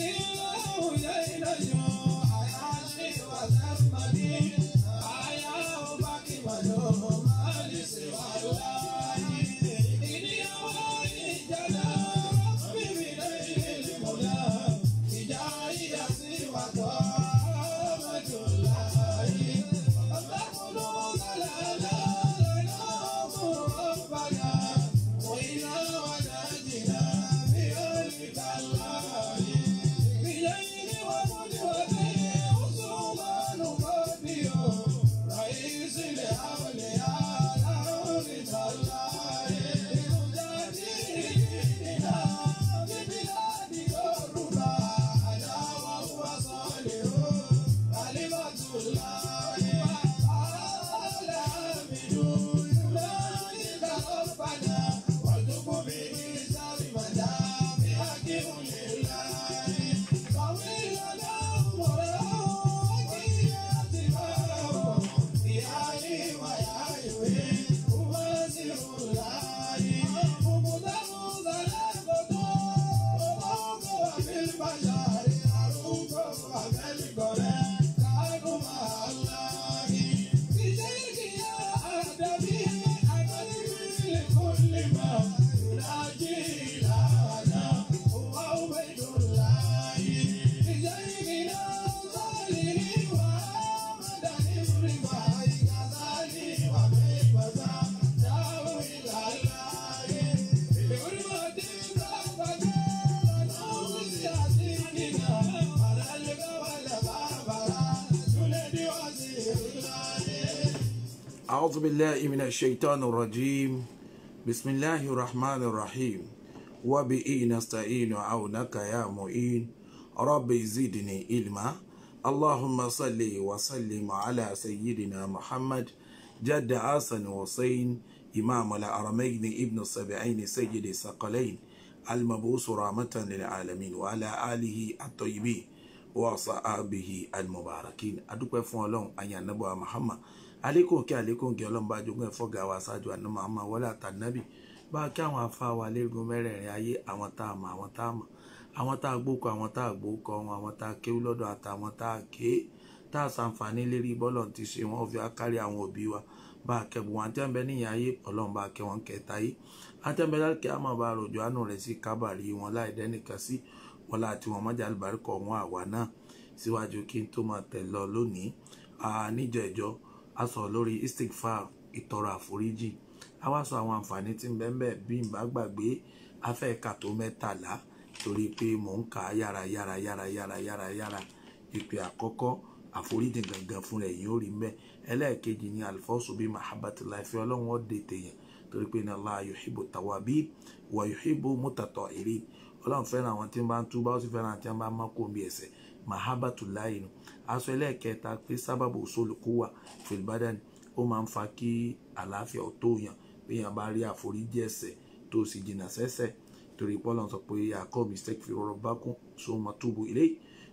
Hallelujah. أعوذ بالله من الشيطان الرجيم بسم الله الرحمن الرحيم وبئي نستعين عونك يا معين ربي زدني علما اللهم صل وسلم على سيدنا محمد جد حسن وصين إمام الأرمين ابن السبعين سيد الثقلين المبعوث رحمة للعالمين وعلى آله الطيبين وصحابه المباركين أدوك فون لون أن محمد àlékún kí àlékún kí ọlọ́mọba jogún ẹ̀fọ́ ga wa ṣáájú àná màmá wọlé àtànábì bá kí àwọn afá wa lẹ́gun mẹ́rẹ̀ẹ̀rin ayé àwọn tá a mọ̀ àwọn tá a mọ̀ àwọn tá a gbókọ àwọn tá a gbókọ wọn àwọn tá a kéwú lọ́dọ̀ àtàwọn tá a ké tá a ṣàǹfààní lérí bọ́lọ̀ ti ṣe wọn fi kárí àwọn òbí wa bá a kẹ́bù wọn àtẹ́ǹbẹ́ níyìn ayé ọlọ́run bá a kẹ́ kẹta yìí àtẹ́ǹbẹ́ láti àmọ́ bá rọ̀jò a sọ̀rọ̀ lórí istikfar ìtọrọ àforíjì a wá sọ àwọn àǹfààní tí ń bẹ ń bẹ bí n bá gbàgbé afẹ́ẹ̀ka tó mẹ́tàlá torí pé mò ń kà á yára yára yára yára yára yára ìpè àkọ́kọ́ àforíjì gangan fún rẹ̀ yóò rí mẹ́ ẹlẹ́ẹ̀kejì ni alifọ́sù bíi mahabatulahi fi ọlọ́run ọ̀dẹ tèèyàn torí pé ní Allah yuhibbu tawabin wa yuhibbu mutatahirin ọlọ́run fẹ́ràn àwọn tí wọ́n bá ń túbá ó sì fẹ́ràn àti àwọn bá ń mọ́kò bí ẹ̀ṣẹ̀ mahabatulahi nù aṣọ ẹlẹ́ẹ̀kẹta pé sábàbò sólùkúwà fìlìbádàn ó máa ń fa kí àlàáfíà ó tó yàn bí yàn bá rí àforíjì ẹ̀ṣẹ̀ tó sì jìnnà sẹ́ṣẹ̀ torí pọ́lọ̀ sọ pé àkọ́ mistake fi rọrọ bá kún so mọ túbú ilé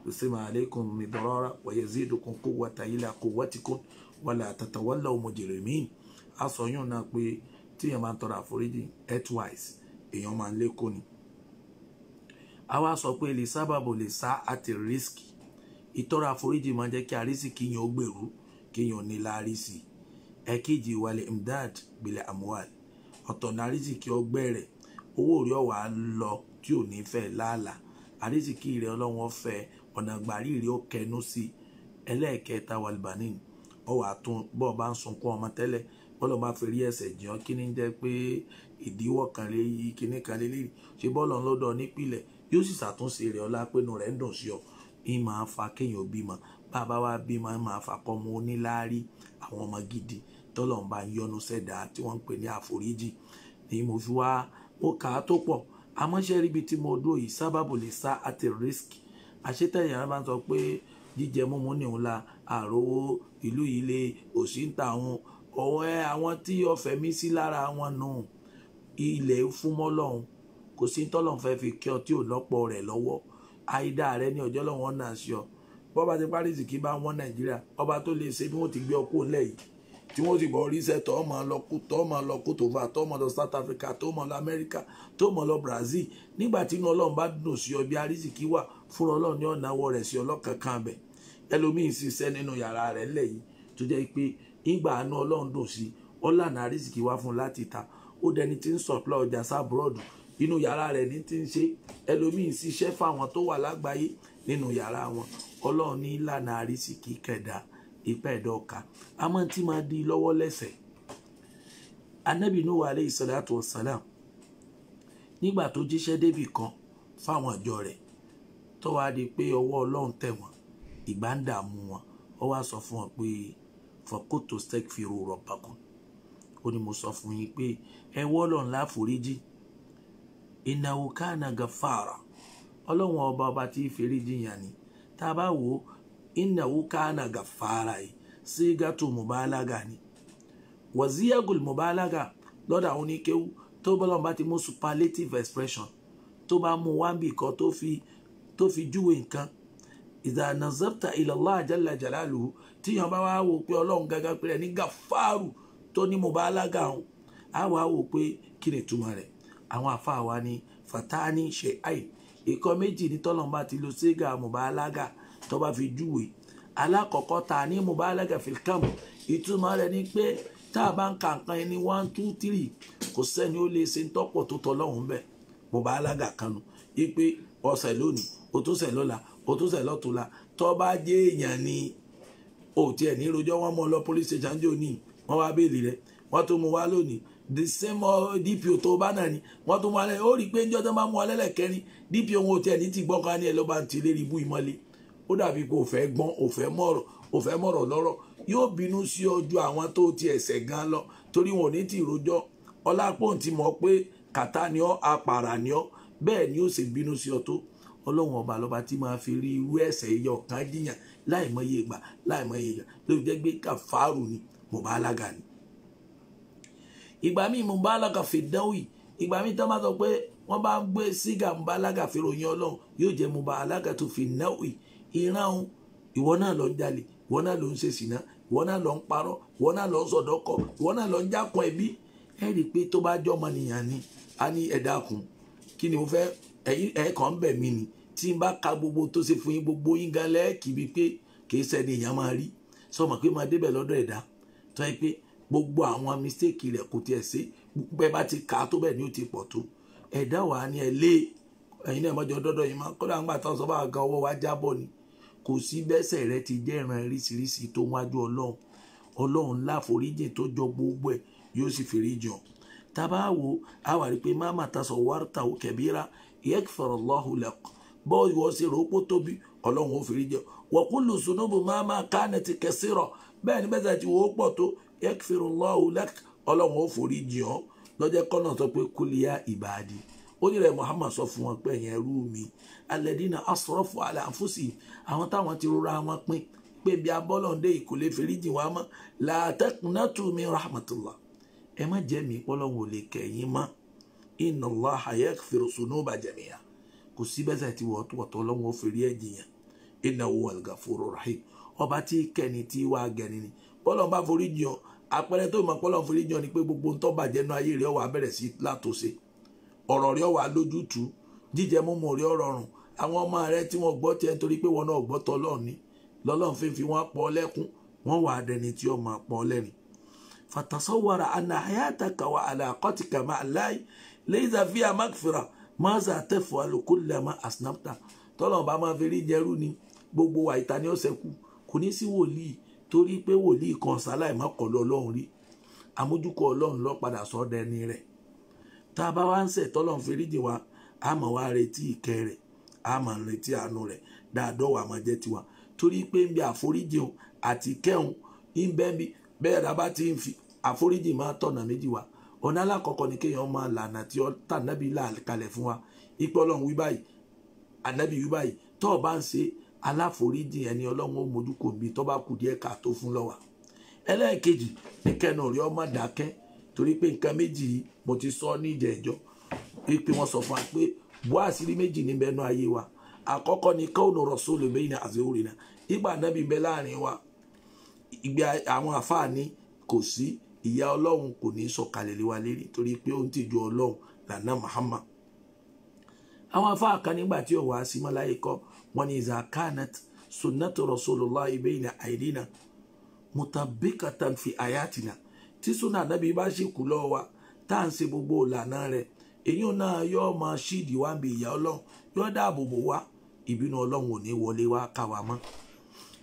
yusima aleikum mi dọ́rọ́ra wa yazidukum quwwata ila quwwatikum wala tatawallaw mujrimin asọyún náà pé tíyàn máa ń tọrọ àforíjì earthwise èèyàn máa ń lékò ni. àwa sọ pé lè sábàbò lè sá àti risk ìtọrọ àforíjì máa ń jẹ́ kí àrísì kíyàn ó gbèrú kíyàn ní láàrísì ẹ̀kejì ìwàlẹ̀ imdad bilẹ̀ amual ọ̀tọ̀ ní àrísì kí ọ gbẹ̀rẹ̀ owó orí ọ̀wà lọ tí ò ní fẹ́ láàlà àrísì kí rẹ̀ ọlọ́run ọ̀fẹ́ ọ̀nà gbàrí rẹ̀ ó kẹnu sí ẹlẹ́ẹ̀kẹta wàlìbánì ọwọ́ àtún bọ́ọ̀ bá ń sunkún ọmọ tẹ́lẹ̀ bọ́ọ̀lù bá fi rí ẹsẹ̀ jẹun kí ni jẹ́ pé ìdíwọ́ kan lé yí kíní kan lé léyìí ṣe bọ́ọ̀lù ọlọ́dọ̀ nípìnlẹ̀ yóò sì ṣàtúnṣe rẹ̀ ọlá pẹ́nu rẹ̀ ń dùn sí ọ ń máa fa kéèyàn bímọ bá a bá wá bímọ ń máa fa kọ́ ọmọ oníláárí àwọn ọmọ gidi tọ́lọ̀ ń bá ń yọnu sẹ́dá tí wọ́n ń pè ní àforíjì ni mo fi wá mo kà á tó pọ̀ àmọ́ṣẹ́ ríbi tí mo dúró yìí sábàbò lè sá àti risk àṣetẹ̀yìn rẹ̀ máa ń sọ pé jíjẹ múmu ní òun la àròwó ìlú yìí lè òsì ń ta àwọn ọ̀wọ́ ẹ àwọn tí ọ̀fẹ́ mi sí lára wọn nù ilẹ̀ fún mọ́lọ́hún kò sí tọ́lọ́hún fẹ́ fi kí ọ tí ò lọ́pọ̀ rẹ̀ lọ́wọ́ àìdá rẹ ní ọjọ́ lọ́wọ́ náà sí ọ bọ́ba ti parí ìsìnkí bá wọn nàìjíríà ọba tó lè ṣe bí wọ́n ti gbé ọkọ̀ lẹ́yìn tí wọ́n ti bọ̀ oríṣẹ́ tọ́ tọ́ tó lọ South Africa tó lọ America tó lọ Brazil nígbà tí inú ọlọ́run bá dùn sí ọ bí arísìkí wà fúnra ọlọ́run ní ọ̀nà àwọ̀ rẹ̀ sí ọlọ́kankan bẹ̀ ẹlòmíín ṣiṣẹ́ nínú yàrá rẹ̀ inú yàrá rẹ̀ ní ti ń ṣe ẹlòmíín ṣiṣẹ́ fáwọn tó wà lágbàáyé nínú yàrá wọn ọlọ́run ní ìlànà àrísìkí kẹ̀dá ipa ẹ̀dọ̀ a máa ti máa di lọ́wọ́ lẹ́sẹ̀ anabi nuhu aleyhi salatu wa salam nígbà tó jíṣẹ́ débì kan fáwọn ìjọ rẹ̀ tó wáá di pé ọwọ́ ọlọ́run tẹ̀ wọ́n ìgbà ń dààmú wọn ó wáá sọ fún wọn pé fọkótó stekfiro rọ̀bàkùn ó ní mo sọ fún yín pé ẹ wọ́ ọlọ́run láforíjì innahu kana gafara ọlọ́run ọba ọba tí í fèrè jiyàn ni tá a bá wò ó innahu kana gafara yìí sí gàtò mubalaga ni waziyagul mubalaga lọ́dà àwọn oníkéwú tó bọ́lọ́run bá ti mú superlative expression tó bá mú wáńbì kan tó fi tó fi júwe nǹkan idha nazarta ila Allah jalla jalaluhu tíyan bá wá wò pé ọlọ́run gángan pé rẹ̀ ní gàfáàrù tó ní mubalaga hàn á wá wò pé kí ni ìtumọ̀ rẹ̀ àwọn àfáà wa ni fatani sheai ikọ̀ méjì ní tọ́lọ́mbà ti lo sega mubalaga tó bá fi júwe alákọ̀ọ́kọ́ ta ní mubalaga filkam ìtumọ̀ rẹ̀ ni pé tá a bá ń ka nǹkan ẹni one two three kò sẹ́ni ó lè ṣe ń tọ́pọ̀ tó tọ́ lọ́hùn bẹ́ẹ̀ mubalaga kan nu ipe ọ̀sẹ̀ lónìí o tún sẹ̀ lọ́la o tún sẹ̀ lọ́tùnla tó jẹ́ èèyàn ni o tiẹ̀ ní rojọ́ wọn mọ́ lọ police station jò ní wọ́n wá béèlì rẹ̀ wọ́n tún mú wá lónìí the same DPO tó bá náà ni wọ́n tún mú alẹ́ ó rí i pé níjọ́ tó máa mú alẹ́ lẹ́kẹ́rin DPO wọn ò tiẹ̀ ní ti gbọ́n kan ní ẹ ló bá ń ti lérí ibú ìmọ̀lé ó dàbí pé òfẹ́ gbọ́n òfẹ́ mọ̀rọ̀ òfẹ́ mọ̀rọ̀ lọ́rọ̀ yóò bínú sí ọjọ́ àwọn tó ti ẹ̀sẹ̀ gan lọ torí wọn ò ní ti rojọ́ ọlápọ̀n ti mọ̀ pé kàtá ni ọ́ apàrà ni ọ́ bẹ́ẹ̀ ni ó sì bínú sí ọ tó ọlọ́run ọba lọ́ba tí máa fi rí irú ẹ̀sẹ̀ yọ ọ̀kan jiyàn láìmọye ìgbà láìmọye ìgbà ló fi jẹ́ gbé kàfárù ni alága ni ìgbà míì mo bá alágàfẹ́ dánwì ìgbà míì tán bá sọ pé wọ́n bá ń gbé sígà mo bá alágàfẹ́ ròyìn ọlọ́run yóò jẹ́ mo bá alágàtò fi náwì ìran ìwọ náà lọ ń jalè ìwọ náà lọ ń ṣe sìná ìwọ náà lọ ń parọ́ ìwọ náà lọ ń sọ̀dọ́kọ ìwọ náà lọ ń jákun ẹbí ẹ rí i pé tó bá jọ ọmọnìyàn ni a ní ẹ dákun kí ni mo fẹ́ ẹ kàn ń bẹ̀ mí ni tí n bá ka gbogbo tó ṣe fún yín gbogbo yín gan lẹ́ẹ̀kì bíi pé kì í sẹ́ni èèyàn máa rí sọ ma pé máa débẹ̀ lọ́dọ̀ ẹ̀dá tó yẹ pé gbogbo àwọn mistake rẹ̀ kò tiẹ̀ sí bẹ́ẹ̀ bá ti kà á tó bẹ́ẹ̀ ni ó ti pọ̀ tó ẹ̀dá wa ni ẹ lé ẹ̀yin náà mọ́jọ dọ́dọ̀ yìí máa kọ́dà ńgbà tán sọ bá gan ọwọ́ wa jábọ̀ ni kò sí bẹ́sẹ̀ rẹ ti jẹ́ ìran oríṣiríṣi tó wájú ọlọ́run ọlọ́run ńlá foríjìn tó jọ gbogbo ẹ̀ yóò sì fèrè jọ tábà wo àwa rí pé má màtà sọ wárúta ò kẹbíra yakfarallahu lak bọ́ọ̀lù wọ́n ṣe rò ó pó tóbi ọlọ́run ò fèrè jọ wa kullu sunubu má má kánẹ̀ ti kẹsìrọ̀ bẹ́ẹ̀ ni bẹ́sẹ̀ ti wò ó pọ̀ tó yakfirullahu lak ọlọ́run ó forí jì ọ́ lọ́jọ́ kọ́nà sọ pé kúlíà ìbàdí ó nílẹ̀ Muhammad sọ fún wọn pé ẹ̀yìn ẹrú mi alẹ́dínà asọ́rọ́fọ́ alẹ́ àfúsì àwọn táwọn ti rora wọn pín pé bí abọ́lọ́ndé ìkòlè fèrèjì wa mọ́ làtẹ́kùnátù mi rahmatullah ẹ má jẹ́ mi pọ́lọ́hún lè kẹ̀yìn mọ́ inna Allaha yaghfiru sunuba jami'a kò sí bẹ́sẹ̀ tí wọ́n tọ̀tọ̀ lọ́wọ́ fèrè ẹ̀jìyàn innahu huwal ghafurur rahim ọba tí kẹ́ni tí wàá gẹ̀ni ni bọ́lọ́n bá forí jìn ọ́ àpẹẹrẹ tó mọ̀ bọ́lọ́n forí jìn ọ́ ni pé gbogbo ń tó bàjẹ́ nínú ayé rẹ̀ ó wá bẹ̀rẹ̀ sí látòsí ọ̀rọ̀ rẹ̀ ó wá jíjẹ múmu rẹ̀ rọrùn àwọn ọmọ rẹ̀ tí wọ́n gbọ́ tiẹ̀ nítorí pé wọn náà gbọ́ tọ́ ni lọ́lọ́n fi fi wọ́n pọ̀ lẹ́kún wọ́n wà dẹni tí ó máa pọ̀ lẹ́rìn fatasawara anahayataka wa torí pé wòlíì kan sáláì má kọlu ọlọ́run rí amójúkọ ọlọ́run lọ padà sọ dẹni rẹ̀ tá a bá wá ń sẹ̀ tọ́lọ́run foríjì wa a máa wá retí ìkẹ́ rẹ̀ a máa retí àánú rẹ̀ dáadọ́ wa máa jẹ́ tiwa torí pé ń bí àforíjì òun àti kẹ́hùn ń bẹ́ẹ̀ bí bẹ́ẹ̀ dábà ti ń fi àforíjì máa tọ̀nà méjì wa ọ̀nà alákọ̀ọ́kọ́ ni kéèyàn máa lànà tí ó tà nábì là kalẹ̀ fún wa ipò ọlọ́run wí báyìí aláforíjì ẹni ọlọ́run ó mójú kò bí tó bá kù díẹ̀ ká tó fún lọ́wà ẹlẹ́ẹ̀kejì ìkẹnu rí ọmọ dákẹ́ torí pé nǹkan méjì yìí mo ti sọ ní ìjẹ́jọ́ pé wọ́n sọ fún wa pé bó àṣírí méjì ní bẹ́ẹ̀ nú ayé wa àkọ́kọ́ ni kóònù rọ̀sọ́ọ̀lù bẹ́yìn àti òrìnà ìgbà ànábì bẹ́ẹ̀ láàrin wa ìgbé àwọn àfáàní kò sí ìyà ọlọ́run kò ní sọ̀kalẹ̀ lé wa lérí torí pé ó ń tìjú ọlọ́run lànà àwọn afáà kan nígbà tí ọwọ́ àsìmọ́láyé kọ́ wọn ni zakanat sunnatu rasulillah ibeyina aidina mutabikatan fi ayatina tí sunna anabi bá ṣe kú lọ́wọ́ wa tá à ń ṣe gbogbo ìlànà rẹ̀ èyí náà yóò máa ṣíìdì wá bí ìyá ọlọ́run yóò dáàbò bò wá ìbínú ọlọ́run ò ní wọlé wá káwa mọ́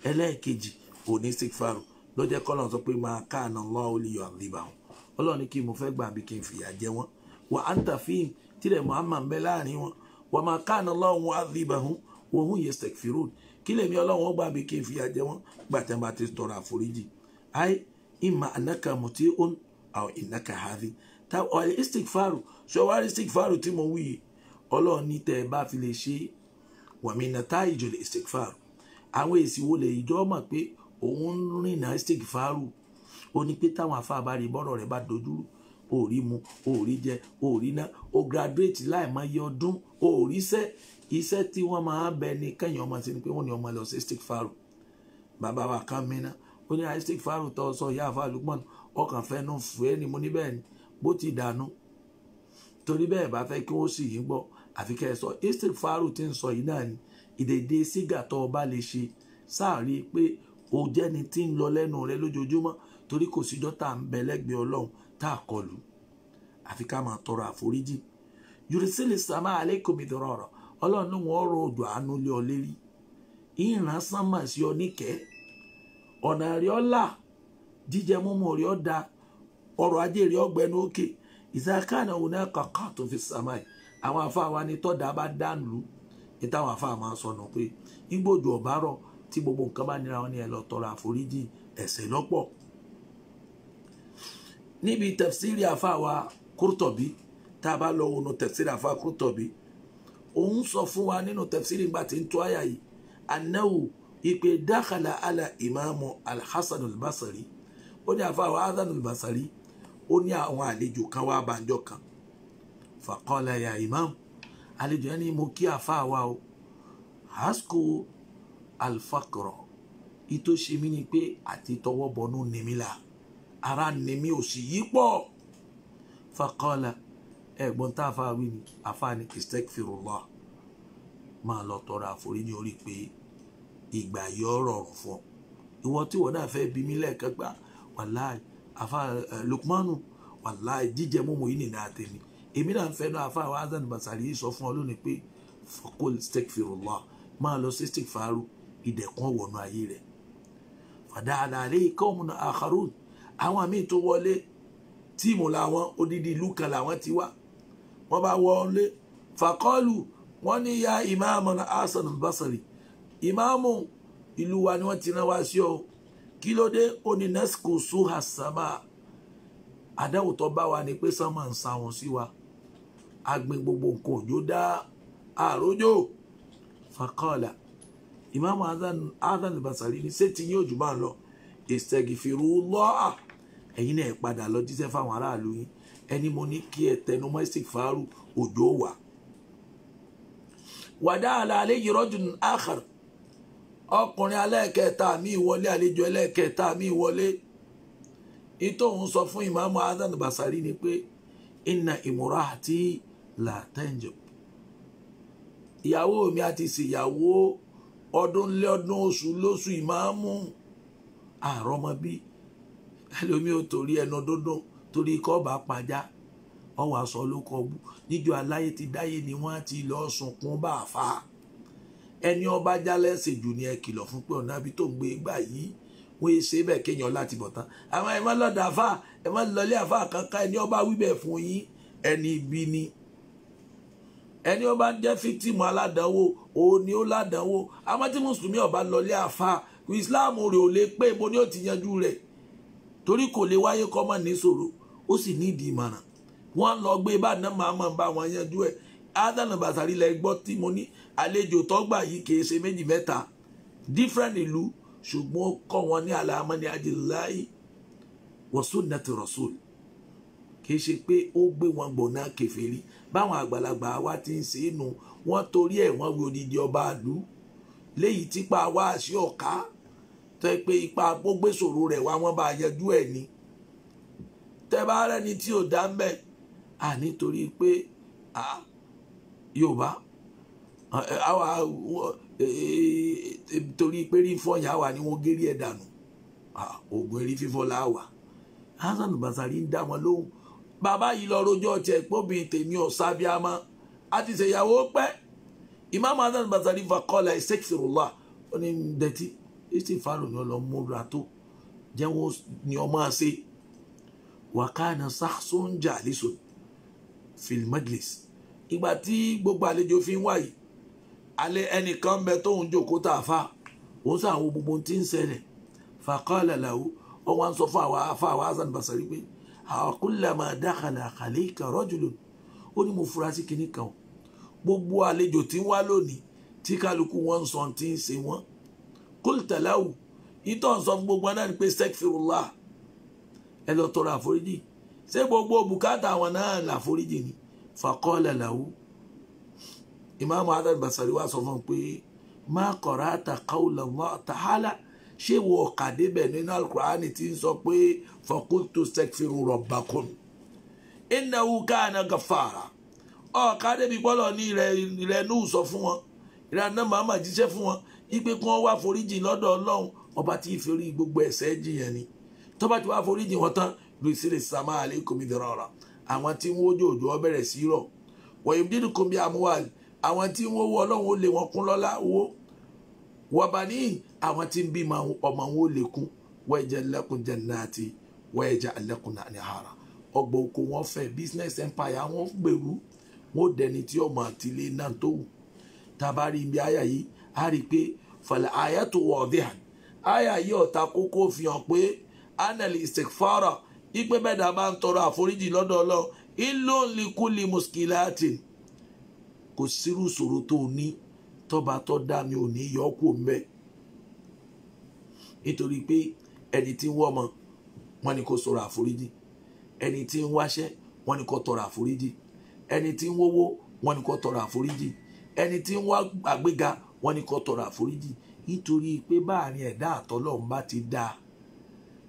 ẹlẹ́ẹ̀kejì ò ní sífàrù ló jẹ́ kọ́lọ́n sọ pé máa káànà lọ́wọ́ lè yọ àríbà wọn ọlọ́run ní kí mo fẹ́ gbà bí kí n fìyà jẹ wọn wà á ń tà fíìmù tílẹ̀ mọ́ àmà ń bẹ láàrin wọn wa ma kana Allahu mu'adhibahum wa hum yastaghfirun kí lèmi ọlọ́run ó gbà mí kí n fìyà jẹ wọ́n gbàtẹ́ bá ti tọrọ àforíjì ai imma annaka muti'un aw innaka hadi ta ọ̀lẹ́ istikfaru ṣọwárí istikfaru tí mo wí yìí ọlọ́run ní tẹ́ bá fi lè ṣe wa min nata'ijil istikfaru àwọn èsì wo lè jọ́ mọ̀ pé òun rìnà istikfaru ó táwọn afáàbárí bọ́rọ̀ rẹ̀ bá dojúrú ò rí mu ò rí jẹ ò rí ná ó graduate láì máa yẹ ọdún ò rí iṣẹ́ tí wọ́n máa bẹ ní kẹ́yìn ọmọ sí ni pé wọ́n ní ọmọ lọ sí stick faro bàbá wa kàn mí ná ó ní stick faro tó sọ ìyá àfa àlùpọ̀n ọkàn fẹ́ nu fún ni mo ní bẹ́ẹ̀ ni bó ti dànù torí bẹ́ẹ̀ bá fẹ́ kí wọ́n sì yín gbọ́ àfi kẹ́ ẹ sọ stick faro ti ń sọ yìí náà ni ìdèdè sígà tó o bá lè ṣe sáà rí i pé o jẹ́ni tí ń lọ lẹ́nu rẹ lójoojúmọ́ torí kò síjọ́ tá à ń bẹ lẹ́gbẹ̀ẹ́ ọlọ́run t'a kọlu, kọlù àfi ká máa tọrọ àforíjì yorùsílẹ̀ sàmà aleikum ìdọ̀rọ̀rọ̀ ọlọ́run ní wọ́n rọ odò àánú lé ọ lérí ìran sánmà sí ọ níkẹ́ ọ̀nà ọ jíjẹ múmu rí ọ ọrọ̀ ajé rí ọ gbẹnu òkè ìsàkánà òun náà kàkà tó fi sàmà yìí àwọn afáwa ni tọ́da gbogbo nǹkan bá nira tọrọ àforíjì níbi tẹ̀fsíìrì àfàwà kúrútọ̀bí tá a bá lọ wọnú tẹ̀fsíìrì àfàwà kúrútọ̀bí òun sọ fún wa nínú tẹ̀fsíìrì gbà tí ń tó àyà yìí anáwó ìpè dákàlà àlà ìmáàmù alhassan albasari ó ní àfàwà hasan albasari ó ní àwọn àlejò kan wá bàjọ́ kan fàkọ́lá ya ìmáàmù àlejò yẹn ni mo kí àfàwà o hasko alfakro ìtòṣe mi ni pé àti tọwọ́ bọnú nìmílà ara ni mi ò sì yí pọ̀ fakọ́lá ẹ̀gbọ́n tá a fa wí ni afa ni istekfirullah máa lọ tọrọ àforíjì orí pé ìgbà yọ rọrùn fún ọ ìwọ tí wọn náà fẹ́ bí mi lẹ́ẹ̀kan gbà wàláì afa Lukmanu wàláì jíjẹ mímu yìí nìyà tèmi èmi náà ń fẹ́ náà afa àwọn azan basari yìí sọ fún ọ lónìí pé fakol istekfirullah máa lọ sí istekfaru ìdẹ̀kùn wọnú ayé rẹ̀ fàdáàdà àlẹ́ ìkọ́ òmùnà àkàrùn àwọn míì tó wọlé tíìmù làwọn odidi ìlú kan làwọn ti wá wọ́n bá wọlé fàkọ́lù wọ́n ní ya ìmáàmù asan basari ìmáàmù ìlú wa ni wọ́n ti rán wá sí ọ kí ló dé ó ní nesco suha sama àdáwò tó bá wa ni pé sánmà ń sa wọn sí wa agbin gbogbo nǹkan òjò dá àrójò fàkọ́là ìmáàmù hasan basari ní sẹ́tì yóò jù bá ń lọ ìṣẹ́gìfìrú lọ́à ẹ̀yin náà ẹ padà lọ jíṣẹ́ fáwọn aráàlú yín ẹni mo ní kí ẹ tẹnumọ́ sí fàárù òjò wà. wàdà àlàalẹ́ yìí rọ́jù àkàr ọkùnrin alẹ́ẹ̀kẹta mi wọlé àlejò ẹlẹ́ẹ̀kẹta mi wọlé ìtòhún sọ fún ìmáàmù adán basari ni pé ìnà ìmúra àti làtẹ́njọ ìyàwó mi àti ìsìyàwó ọdún lé ọdún oṣù lóṣù ìmáàmù àrọ́mọbí. Ah, ẹlòmí ò torí ẹnu dúndún torí ikọ́ bá pàjá ọwọ́ aṣọ ló kọ níjọ aláyé ti dáyé ni wọ́n ti lọ sunkún bá a fa ẹni ọba jálẹ̀sẹ̀ jù ni ẹ kìlọ̀ fún pé ọ̀nà àbí tó ń gbé gbà yìí wọ́n yé ṣe bẹ́ẹ̀ kéèyàn láti bọ̀ tán àwọn ẹ̀ má lọ́dà àfà ẹ̀ má lọlé àfà kankan ẹni ọba wíbẹ̀ fún yín ẹni ibi ni ẹni ọba jẹ́ fítímù aládánwò òun ni ó ládánwò àmọ́ tí mùsùlùmí ọba lọlé àfà Islam rẹ̀ ò lè pé ibo ni ó ti yanjú rẹ̀ torí kò lè wáyé kọ́ mọ̀ ní ṣòro ó sì nídìí ìmọ̀ràn wọ́n lọ gbé ìbàdàn máa mọ̀ bá wọn yanjú ẹ̀ ádánà bàtàrí lẹ gbọ́ tí mo ní àlejò tọ́gbà yìí kì í ṣe méjì mẹ́ta different ìlú ṣùgbọ́n kọ́ wọn ní alamani adìláyé wọ́sùn nàti rasul kì í ṣe pé ó gbé wọn gbọ̀nà kèfèrí báwọn àgbàlagbà wa ti ń ṣe é nu wọ́n torí ẹ̀ wọ́n wí odidi ọba àlú léyìí tipa wá àṣẹ ọ̀ká tó yẹ pé ipa gbógbésòro rẹ̀ wá wọ́n bá yanjú ẹ̀ ni tẹ́ bá rẹ́ni tí ò dá ń bẹ̀ à nítorí pé à Yorùbá àwa e, e, torí pé rí fọyín àwa ni wọ́n gérí ẹ̀ dànù oògùn erí fífọ́ láwà Hassan Basari ń dá wọn lóhùn bàbá yìí lọ rojọ́ ọ̀tẹ̀ pọ́bì tèmi ọ̀sá bíi amọ́ àti ṣèyàwó pẹ́ Imam Hassan Basari fakọ́lá ẹ̀ sẹ́kìsìrò lọ́à ó ní dẹ́tí istighfaru ni ọlọ múra tó jẹ́wọ́ ni ọmọ ṣe wàkánà sásóńjà àlésò filmaglis ìgbà tí gbogbo àlejò fi ń wáyé alẹ́ ẹnìkan bẹ tóun jòkó tá a fa òun sàn àwọn gbogbo tí ń ṣẹlẹ̀ fàkọ́lẹ̀ làwọ̀ wọn wá ń sọ fún àwọn afa àwọn hasan basari pé àkúlẹ̀mọ̀ dákàlà àkàlẹ́ ìkàrọ̀ jùlọ ó ní mo fura sí kinní kan gbogbo àlejò tí ń wá lónìí tí kálukú wọn ń sọ tí ń ṣe wọn kólítàláwù ìtọ̀ ń sọ fún gbogbo náà ni pé sẹ́kfìrúláà ẹ lọ tọrọ àforíjì ṣé gbogbo bùkátà àwọn náà làforíjì ni fàkọ́ọ̀lẹ̀ làwù ìmáàmù adal basari wa sọ fún un pé má kọ̀rọ̀ àtàkàwùlẹ̀ mọ́ tàhálà ṣé wo ọ̀kà débẹ̀ nínú alukur'ani ti ń sọ pé fọkúntù sẹ́kfìrú rọ̀bàkùn ìnáwó káàna gàfàrà ọ̀kà débi bọ́lọ̀ ní ìrẹ̀nú sọ fún wọn ìrànà màmá jíṣẹ́ fún wọn wípé kí wọ́n wá foríjì lọ́dọ̀ ọlọ́run ọba tí ì forí gbogbo ẹ̀ṣẹ̀ jìyàn ni tó bá ti wá foríjì wọn tán lùsílẹ̀ sàmà àlékòmí dọ̀rọ̀ ọ̀rọ̀ àwọn tí wọ́n ojú òjò ọ bẹ̀rẹ̀ sí rọ̀ wọ̀nyí dídùn kò bí àwọn tí wọ́n wọ ọlọ́run ó lé wọn kún lọ́lá owó wọ́n ní àwọn tí ń bí ọmọ wọn ó lè kún wọ́n ẹ̀jẹ̀ lẹ́kùn jẹ̀ náà ti wọ́n ẹ̀jẹ̀ ara ọgbọ̀n oko wọn fẹ̀ business empire wọn gbèrú wọn ò dẹni tí ọmọ àtìlẹ́ náà tó wù tá ibi àyà yìí a rí i pé fàlẹ́ àyà tó wọ̀ ọ̀dẹ́ hàn àyà yìí kókó fi hàn pé anali istikfara ipe mẹ́ta máa ń tọrọ àforíjì lọ́dọ̀ Ọlọ́run ìlò likuli muskilati kò sírú ìṣòro tó o ní tọ́ba tó dá mi ò ní yọ ẹni tí ń wọ́ ọmọ wọn ni kò sọ̀rọ̀ ẹni tí ń wáṣẹ́ wọn ni kò tọrọ àforíjì ẹni ẹni tí ń wá wọ́n ní kó tọrọ àforíjì nítorí pé báàrin ẹ̀dá àtọ́lọ́run bá ti dáa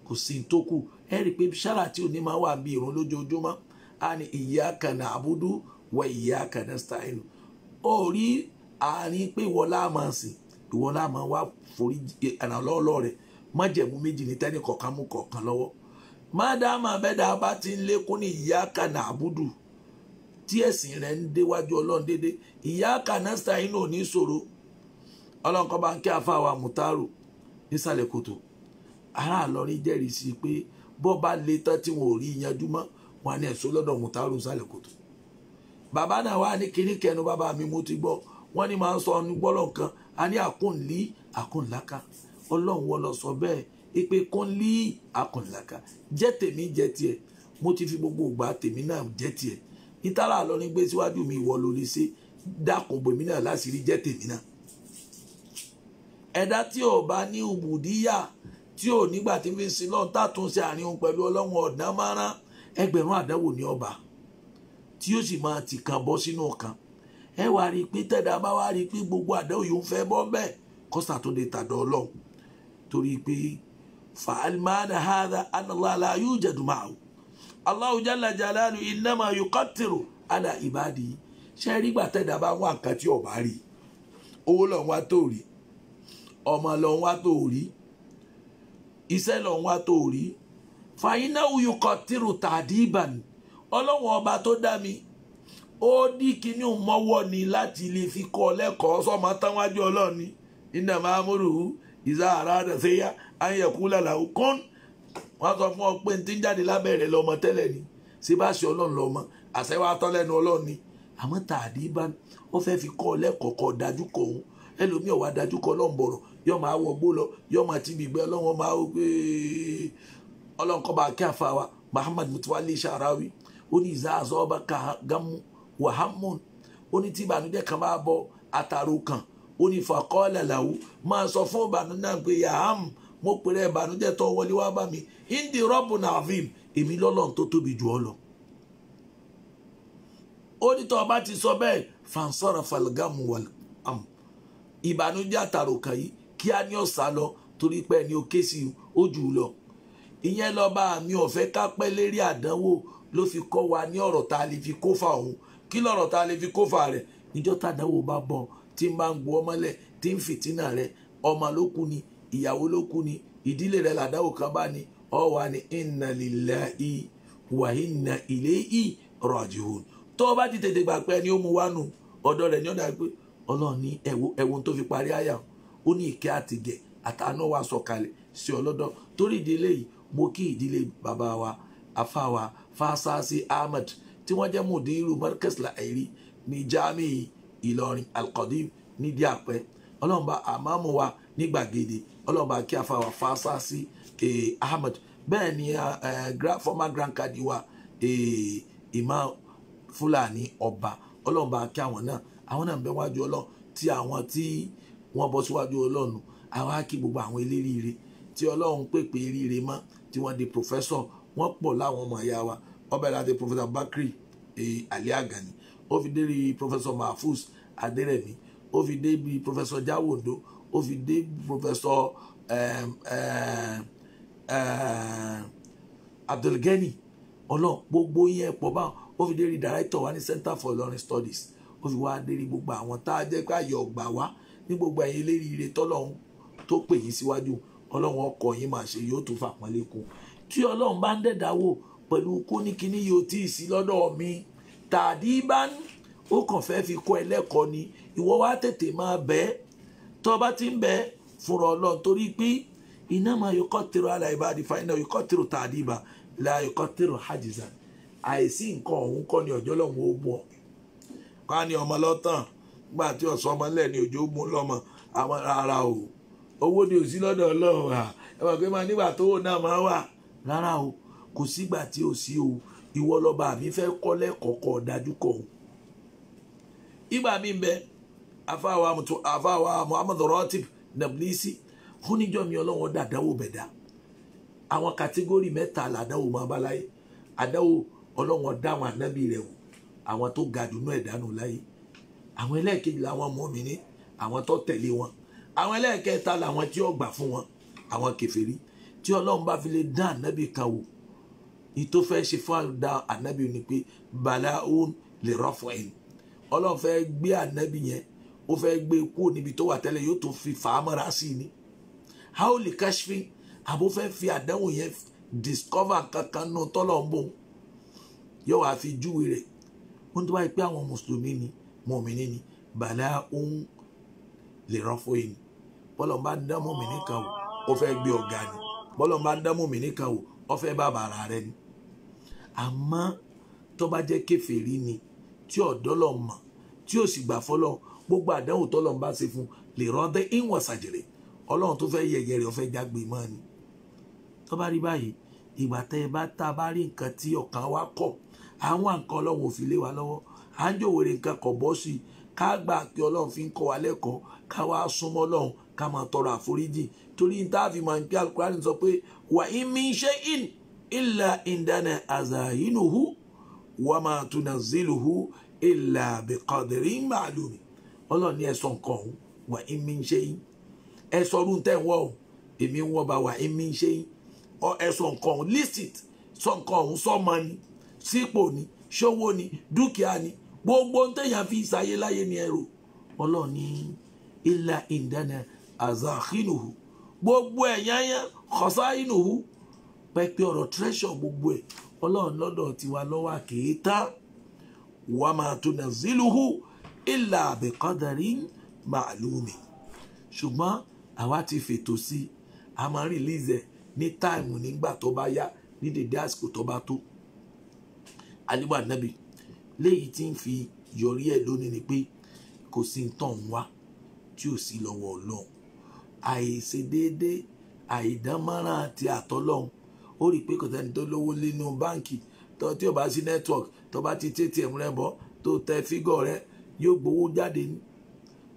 kò sí tó kù ẹ rí i pé sára tí òní máa wà bí irun lójoojúmọ́ a ní ìyá kànà àbúdú wọ ìyá kànà stein ó rí àárín pé ìwọ láàmà sìn ìwọ láàmà wá forí ìrànlọ́ọ̀lọ́ rẹ̀ májẹ̀mú méjì ní tẹ́nì kọ̀ọ̀kan mú kọ̀ọ̀kan lọ́wọ́ mádàmà bẹ́dà bá ti ń lékún ní ìyá kànà àbúdú tí ẹ̀sìn rẹ̀ ń déwájú ọlọ́run déédéé ìyá kànà stein ò ní sọ̀rọ̀ ọlọ́nkọ́ bá ń kí wa mùtárù nísàlẹ̀ kòtò ará àlọ́rin jẹ́rìí sí pé bọ́ bá le tán tí wọn ò rí yanjú mọ́ wọn á ní ẹ̀sọ́ lọ́dọ̀ mùtárù nísàlẹ̀ kòtò bàbá náà wà ní kiri kẹnu bàbá mi mo ti gbọ́ wọ́n ní máa ń sọ ní gbọ́lọ̀ kan a ní àkùnlé àkùnláka ọlọ́run wọ́n lọ sọ bẹ́ẹ̀ ipe kọ́nlé àkùnláka jẹ́ tèmi jẹ́ tiẹ̀ mo ti fi gbogbo ìgbà tèmi náà jẹ́ tiẹ̀ ìtara àlọ́rin gbé síwájú mi ìwọ lórí sí dákùnbòmí náà láṣìírí jẹ́ tèmi náà eda tí ò bá ní ubùdíyà tí ò nígbà tí fi ń sin lọ́n tàtúnṣe àárín òun pẹ̀lú ọlọ́run ọ̀dán márán ẹgbẹ̀rún àdánwò ní ọba tí yóò sì máa tì kan bọ́ sínú ọ̀kan ẹ wá rí i pé gbogbo àdánwò yóò fẹ́ bọ́ bẹ́ẹ̀ kọ́sà tó lè tàdọ̀ ọlọ́run torí pé fàálmánà hádà anàlálà yóò ala ibadi ṣe rí gbà tẹ̀dá bá ọ̀bá rí owó lọ́wọ́ ọmọ lọ ń wá tó rí iṣẹ́ lọ ń wá tó rí fàyínà uyùkọ̀ tìrù tàdíbàn ọlọ́wọ́n ọba tó dá mi ó ní kíní mọ́wọ́ ni láti lè fi kọ́ lẹ́kọ̀ọ́ sọ́mọ táwájú ọlọ́ọ̀ni iná máa múrù ìzá ara rẹ̀ ṣéyá ayẹ̀kú làlàó kún wọ́n sọ fún ọ pé ní tí ń jáde lábẹ́rẹ̀ lọ́mọ tẹ́lẹ̀ ni ṣé ọlọ́run lọ́mọ àṣẹwà tọ́lẹ́nu ọlọ́run ni àmọ́ tàdíbàn ó fẹ́ fi kọ́ lẹ́kọ̀ọ́ dájú kọ́ òun ẹlòmíọ̀ wá dájú kọ́ lọ́nbọ̀rọ̀ yóò máa wọgbó lọ yóò máa ti bìgbẹ́ ọlọ́run máa wọ pé ọlọ́run kọ́ bá kí àfa wa Muhammad Mutawalli Sha'rawi ó ní ìzá àzọ́ ọba kàgámù wàhámùn ó ní tí ìbànújẹ́ kan máa bọ àtàrò kan ó ní fàkọ́ọ̀lẹ̀ làwù máa sọ fún ìbànújẹ́ náà pé yaham mo pèrè ìbànújẹ́ tó wọlé wá bá mi indi rọ́bù nàvim èmi lọ́lọ́run tó tóbi jù ọ lọ. ó ní tó bá ti sọ bẹ́ẹ̀ fansọ́rọ̀ falgamu wàlám ìbànújẹ́ àtàrò kan yìí kíá ní ọ̀sà lọ torí pé ẹni o ké sí ó jù ú lọ ìyẹn lọ́ba mi ò fẹ́ ká pẹ́ lérí àdánwò ló fi kọ́ wa ní ọ̀rọ̀ tá a lè fi kófà òun kí lọ́rọ̀ tá a lè fi kófà rẹ̀ níjọ́ tàdánwò bá bọ̀ tí ń bá ń gbọ́ mọ́lẹ̀ tí ń fìtínà rẹ̀ ọmọ ló kú ni ìyàwó ló kú ni ìdílé rẹ̀ làdánwò kan bá ní ọwà ni inna lillahi wa inna ilayhi rajiun tó o bá ti tètè gbà pé ẹni ó mu wánu ọ̀dọ̀ rẹ̀ ní ọ̀dà pé ọlọ́ọ̀ni ẹ̀wọ̀n tó fi parí àyà ó ní ìkẹ́ àtìgẹ̀ àtàánú wa sọ̀kalẹ̀ sí ọlọ́dọ̀ torí ìdílé yìí mo kí ìdílé bàbá wa afa wa Fasasi Ahmed tí wọ́n jẹ́ mùdírù Markaz Al-Ayri ní jami Ìlọrin Al-Qadim ní díàpẹ́ ọlọ́mọba àmàmù wa ní gbàgede ọlọ́mọba kí afa wa Fasasi e, Ahmed bẹ́ẹ̀ ni e, former grand cadi wa e, Imam Fúlàní ọba ọlọ́mọba kí àwọn náà àwọn náà ń bẹ wájú ọlọ́ tí àwọn tí. Ti, wọ́n bọ́ síwájú ọlọ́run àwa kí gbogbo àwọn eléríire tí ọlọ́run pèpè eríire mọ́ tí wọ́n di professor wọ́n pọ̀ láwọn ọmọ ìyá wa ọbẹ̀ láti professor bakri e, ali agani ó fi débi professor mahfuz adérẹ̀mí ó fi débi professor jawondo ó fi débi professor abdulgani ọlọ́run gbogbo yẹn pọ̀ báwọn ó fi débi director wa ní center for learning studies ó fi wá débi gbogbo àwọn tá a jẹ́ pé àyè ọgbà wa ní gbogbo ẹ̀yin eléríire tọ́lọ́hún tó pè yín síwájú ọlọ́run ọkọ̀ yín máa ṣe yóò tún fàpọ́nlé kù tí ọlọ́run bá ń dẹ̀dá wò pẹ̀lú kóníkíní yóò tí ì sí lọ́dọ̀ mi tàbí bá ń ó kàn fẹ́ fi kọ́ ẹlẹ́kọ̀ọ́ ni ìwọ wá tètè máa bẹ́ tó bá ti ń bẹ́ fúnra ọlọ́run torí pé iná máa yọkọ́ tèrò aláìbáàdì fáínà yọkọ́ tèrò tàbí bá la yọkọ́ tèrò hajjizan àìsí nǹkan ọ̀hún kọ́ ni ọ̀jọ́ lọ́hún ó bọ̀ ká ní ọmọ lọ́tàn gbà tí ọ̀sán ọmọ ńlẹ̀ ni òjò mú lọ́mọ rárá o owó ni òsí lọ́dọ̀ ọlọ́run à ẹ mọ̀ pé máa nígbà tó wò náà máa wà rárá o kò sígbà tí ò sí o ìwọ lọ́ba mi fẹ́ kọ́ lẹ́kọ̀ọ́kọ́ dájú kọ̀ o ìgbà mi bẹ afáwa afáwa Muhammad Rotib Nablisi fúnijọ́ mi ọlọ́run dàdáwò bẹ̀dá àwọn kàtígórì mẹ́ta làdáwò máa bá láyé àdáwò ọlọ́run dáwọn ànábì rẹ̀ wò àwọn tó ga jù ẹ̀dánù láyé àwọn ẹlẹ́ẹ̀kejì làwọn mọ̀mìnì àwọn tó tẹ̀lé wọn àwọn ẹlẹ́ẹ̀kẹta làwọn tí ó gbà fún wọn àwọn kèfèrí tí ọlọ́run bá fi lè dá ànábì kan wò ìtò fẹ́ ṣe fún àdá ànábì ni pé bàlá òun lè rọ́fọ̀ ẹ̀ ọlọ́run fẹ́ gbé ànábì yẹn ó fẹ́ gbé e kúrò níbi tó wà tẹ́lẹ̀ yóò tó fi fàámọ́ra sí ni how lè kashfi àbó fẹ́ fi àdánwò yẹn discover kankan náà tọ́lọ̀ ń bò yóò wá fi júwe rẹ̀ ó ń tó báyìí pé àwọn mùsùlùmí ni mọ̀mìnì ni bàlá òun lè rán fún yìí bọ́lọ̀ bá ń dá mọ̀mìnì kan wò ó fẹ́ gbé ọ̀gá ni bọ́lọ̀ bá ń dá mọ̀mìnì kan wò ó fẹ́ bá bàrà rẹ ni àmọ́ tó bá jẹ́ kèfèrí ni tí ọ̀dọ́ lọ mọ̀ tí ò sì gbà fọlọ́ gbogbo àdéhùn tó lọ́n bá ṣe fún lè rọ́dẹ́ ìwọ̀n ṣàjèrè ọlọ́run tó fẹ́ yẹ̀yẹ̀ rẹ̀ ó fẹ́ jágbe mọ́ ni tó bá rí báyìí ìgbà tẹ́ ẹ bá tá bá rí nǹkan tí ọkàn wa kọ̀ àwọn nǹkan ọlọ́run ò fi lé wa lọ́wọ́ à ń jòwèrè nǹkan kọ̀ bọ́ sí i ká gbà pé ọlọ́run fi ń kọ́ wa lẹ́kọ̀ọ́ ká wá súnmọ́ ọlọ́run ká máa tọrọ àforíjì torí n táàfin máa ń pẹ́ alukurani sọ pé wà í mi ṣe in ilà ìdáná àzàyínúhu wà máa túnà zílùhu ilà bìkọ́dìrí màlúmi ọlọ́run ní ẹ̀sọ́ nǹkan ọ̀hún wà í mi ṣe in ẹ̀sọ́ ọdún tẹ̀ wọ́ ọ̀hún èmi ń wọ́n bá wà í mi ṣe in ẹ̀sọ́ nǹkan ọ̀hún list sọ nǹkan ọ̀hún sọ́mọ ni sípò ni ṣòwò ni dúkìá ni gbogbo ń tẹ̀yà fi ṣayé láyé ni ẹ̀rọ ọlọ́run ní ilà ìdáná azahinuhu gbogbo ẹ̀ yányá kọsáinuhu pẹ́pẹ́ ọ̀rọ̀ treasure gbogbo ẹ̀ ọlọ́run lọ́dọ̀ tiwa lọ́wọ́ àkèéta wàá máa tó nà zílùhù ilà àbẹ̀kọ́dàrí màálùmí ṣùgbọ́n àwa ti fètò sí a máa ní táìmù nígbà tó bá yá ní dèdè àsìkò tó bá tó alibu anabi léyìí tí ń fi yọrí ẹ̀ lónìí ni pé kò sí ń tàn wá tí ò sí lọ́wọ́ ọlọ́run àìṣe déédé àìdánmọ́ràn àti àtọ́lọ́run ó rí i pé kò tẹ́ni tó lówó nínú báǹkì tó tí ò bá sí network tó bá ti tètè ẹ̀mú rẹ bọ́ tó tẹ fígọ̀ rẹ yóò gbowó jáde ní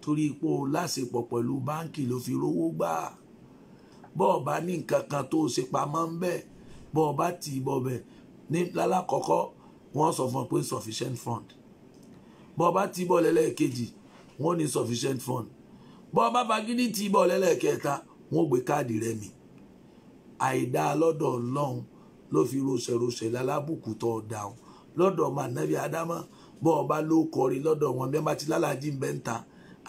torí ipò láṣepọ̀ pẹ̀lú báǹkì ló fi rówó gbà bọ́ọ̀ bá ní nǹkan kan tó ṣe pamọ́ ń bẹ̀ bọ́ọ̀ bá tì bọ̀ bẹ̀ ní lálákọ̀ọ́kọ́ wọ́n sọ fún ọ pé sufficient fund bọ́ bá ti bọ́ lẹ́lẹ́kejì wọ́n ní sufficient fund bọ́ bá bagídí ti bọ́ lẹ́lẹ́kẹta wọ́n gbé káàdì rẹ mi àìdá lọ́dọ̀ ọlọ́run ló fi rọṣẹ̀rọṣẹ̀ lálábùkù tó dà ọ́ lọ́dọ̀ ọmọ ànábì ádámà bọ́ ọba ló kọrí lọ́dọ̀ wọn bí wọ́n bá ti lálàájì ń bẹ́ ń ta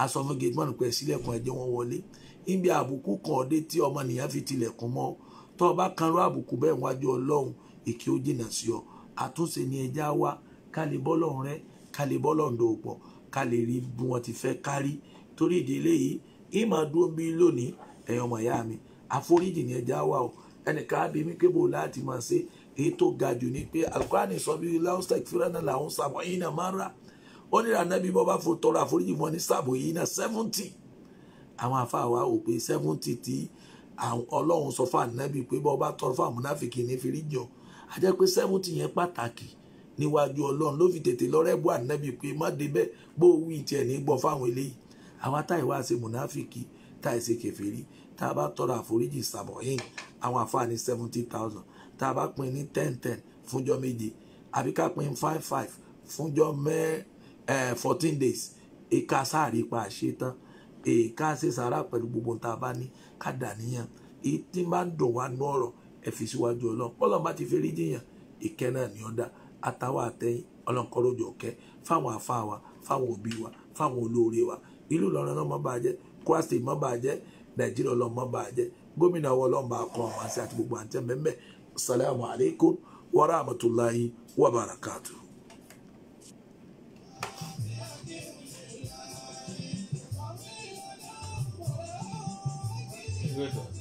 aṣọ fún gateman pẹ̀ sílẹ̀kùn ẹ̀jẹ̀ wọn wọlé níbi àbùkù kan ọdẹ tí ọmọnìyàn fi tilẹ̀kùn mọ́ tó ọba kanrú àbùkù bẹ́ẹ̀ wájú ọlọ́run èkí ó jìnnà sí ọ àtúnṣe ni ẹja wá ká lè bọ́ lọ́hùn rẹ ká lè bọ́ lọ́hùn dòpọ̀ ká lè rí bí wọ́n ti fẹ́ kárí torí ìdílé yìí ìmọ̀ dúró bí lónìí ẹ̀yàn ọmọ ìyá mi àforíjì ni ẹja wá o ẹnìkan àbí mi kébò láti máa ṣe èyí tó ga jù ni pé alukurani sọ bí laustek fúlẹ́nà làwọn sàbò yìí náà máa ń rà ó ní ànábì bọ́ bá fò tọrọ àforíjì wọn ní sàbò yìí náà seventy àwọn afáwa ò pé seventy tí ọlọ́run sọ fún ànábì pé bọ́ bá tọrọ fún àmúnáfìkì ní fìríjì ọ̀hún a jẹ́ pé seventy yẹn pàtàkì níwájú ọlọ́run ló fi tètè lọ́rẹ́ bú ànábì pé má débẹ̀ bó wí tiẹ̀ ní gbọ́ fáwọn eléyìí àwa táì wá ṣe mùnáfìkì táì ṣe kẹfẹ́rí tá a bá tọrọ àforíjì sàbọ̀yìn àwọn àfáàní seventy thousand tá a bá pín ní ten ten fúnjọ́ méje àbí ká pín five five fúnjọ́ mẹ́ fourteen days ìka sáàrí pa àṣẹ tán ìka ṣe sàrà pẹ̀lú gbogbo tá a bá ní ká dàníyàn èyí tí máa ń dùn wá nú ọ̀rọ̀ ẹ fi síwájú bá ti fẹ́ rí jìyàn náà ni ọ̀dà àtàwọn àtẹ̀yìn ọlọ́nkọ́rọ́jọ ọ̀kẹ́ fáwọn àfáà wa fáwọn òbí wa fáwọn olóore wa ìlú Ìlọrin náà má bàá jẹ́ Kwara State Nàìjíríà gómìnà bá àwọn salamu alaykum wa rahmatulahi wa Good.